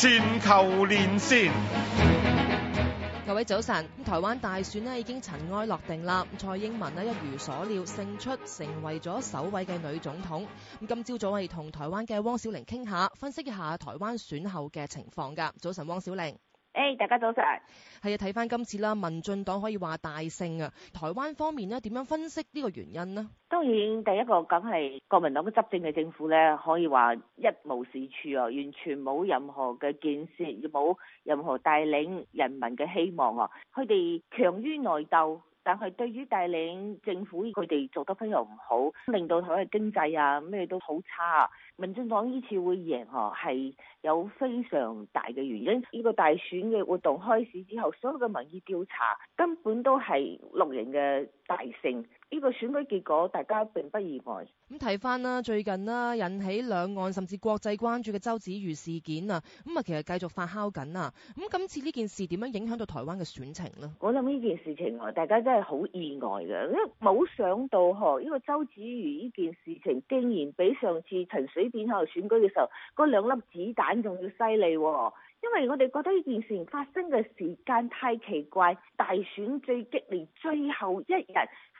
全球連線，各位早晨。咁台灣大選呢已經塵埃落定啦。蔡英文呢一如所料勝出，成為咗首位嘅女總統。咁今朝早我係同台灣嘅汪小玲傾下，分析一下台灣選後嘅情況㗎。早晨，汪小玲。誒，hey, 大家早晨。係啊，睇翻今次啦，民進黨可以話大勝啊！台灣方面咧，點樣分析呢個原因咧？當然，第一個梗係國民黨嘅執政嘅政府咧，可以話一無是處啊，完全冇任何嘅建設，亦冇任何帶領人民嘅希望啊！佢哋強於內鬥。但係對於帶領政府，佢哋做得非常唔好，令到佢嘅經濟啊咩都好差。民進黨呢次會贏，啊，嗬係有非常大嘅原因。呢、這個大選嘅活動開始之後，所有嘅民意調查根本都係六人嘅大勝。呢個選舉結果大家並不意外。咁睇返啦，最近啦，引起兩岸甚至國際關注嘅周子瑜事件啊，咁啊其實繼續發酵緊啊。咁今次呢件事點樣影響到台灣嘅選情呢？我諗呢件事情啊，大家真係好意外㗎，因為冇想到呵，呢個周子瑜呢件事情竟然比上次陳水扁喺度選舉嘅時候嗰兩粒子彈仲要犀利喎。因為我哋覺得呢件事情發生嘅時間太奇怪，大選最激烈最後一日，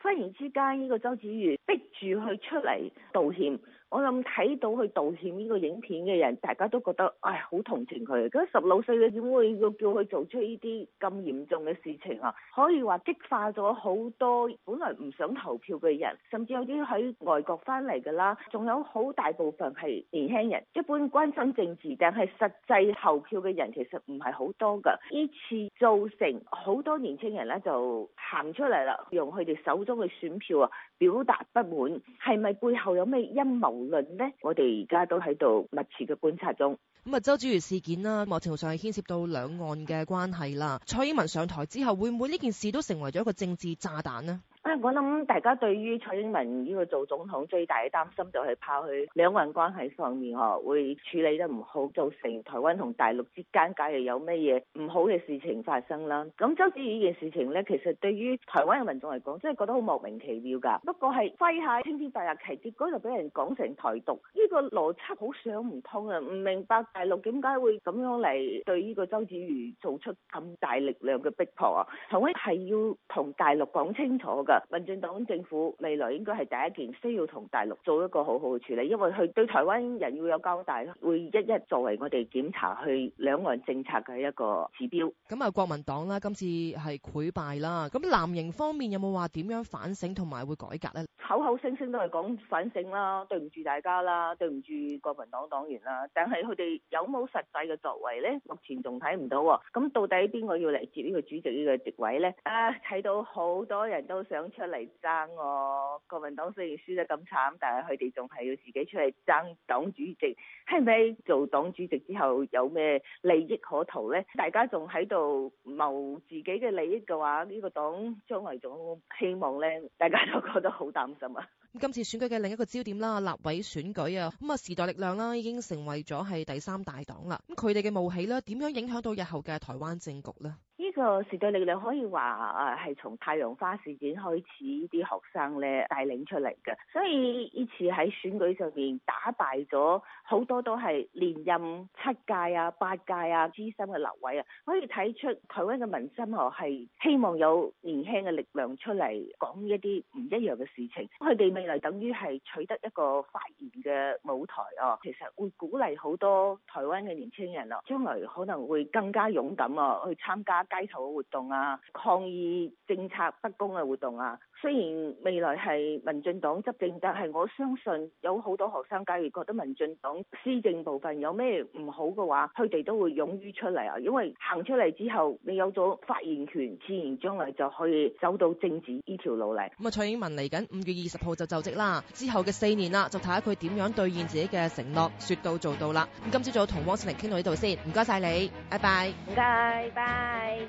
忽然之間呢、呢個周子瑜逼住佢出嚟道歉。我諗睇到佢道歉呢個影片嘅人，大家都覺得唉，好同情佢。咁十六歲嘅點會要叫佢做出呢啲咁嚴重嘅事情啊？可以話激化咗好多本來唔想投票嘅人，甚至有啲喺外國翻嚟㗎啦，仲有好大部分係年輕人，一般關心政治，但係實際投票嘅人其實唔係好多㗎。呢次造成好多年輕人咧就行出嚟啦，用佢哋手中嘅選票啊，表達不滿，係咪背後有咩陰謀？無論呢，我哋而家都喺度密切嘅觀察中。咁啊，周子瑜事件啦，某程度上係牽涉到兩岸嘅關係啦。蔡英文上台之後，會唔會呢件事都成為咗一個政治炸彈呢？我諗大家對於蔡英文呢個做總統最大嘅擔心就係怕佢兩岸關係上面呵，會處理得唔好，造成台灣同大陸之間假如有咩嘢唔好嘅事情發生啦。咁周子瑜呢件事情呢，其實對於台灣嘅民眾嚟講，真係覺得好莫名其妙㗎。不過係揮下青天白日旗，嗰度俾人講成台獨，呢個邏輯好想唔通啊！唔明白大陸點解會咁樣嚟對呢個周子瑜做出咁大力量嘅逼迫啊？台灣係要同大陸講清楚㗎。民進黨政府未來應該係第一件需要同大陸做一個好好嘅處理，因為佢對台灣人要有交代啦，會一一作為我哋檢查去兩岸政策嘅一個指標。咁啊，國民黨啦，今次係潰敗啦。咁藍營方面有冇話點樣反省同埋會改革呢？口口聲聲都係講反省啦，對唔住大家啦，對唔住國民黨黨員啦，但係佢哋有冇實際嘅作為呢？目前仲睇唔到喎，啊。咁到底邊個要嚟接呢個主席呢個席位呢？啊，睇到好多人都想。出嚟爭我，國民黨雖然輸得咁慘，但係佢哋仲係要自己出嚟爭黨主席，係咪做黨主席之後有咩利益可圖呢？大家仲喺度謀自己嘅利益嘅話，呢個黨將來仲希望呢，大家都覺得好擔心啊！今次選舉嘅另一個焦點啦，立委選舉啊，咁啊時代力量啦已經成為咗係第三大黨啦，咁佢哋嘅冒起咧點樣影響到日後嘅台灣政局呢？個時代力量可以話啊，係從太陽花事件開始，呢啲學生咧帶領出嚟嘅。所以呢次喺選舉上邊打敗咗好多都係連任七屆啊、八屆啊資深嘅立委啊，可以睇出台灣嘅民心哦，係希望有年輕嘅力量出嚟講一啲唔一樣嘅事情。佢哋未來等於係取得一個發言嘅舞台哦，啊，其實會鼓勵好多台灣嘅年青人啊將來可能會更加勇敢啊去參加街嘅活動啊，抗議政策不公嘅活動啊。雖然未來係民進黨執政，但係我相信有好多學生假如覺得民進黨施政部分有咩唔好嘅話，佢哋都會勇於出嚟啊。因為行出嚟之後，你有咗發言權，自然將來就可以走到政治呢條路嚟。咁啊，蔡英文嚟緊五月二十號就就職啦，之後嘅四年啦，就睇下佢點樣兌現自己嘅承諾，說到做到啦。咁今朝早同汪小玲傾到呢度先，唔該晒你，拜拜。唔該，拜。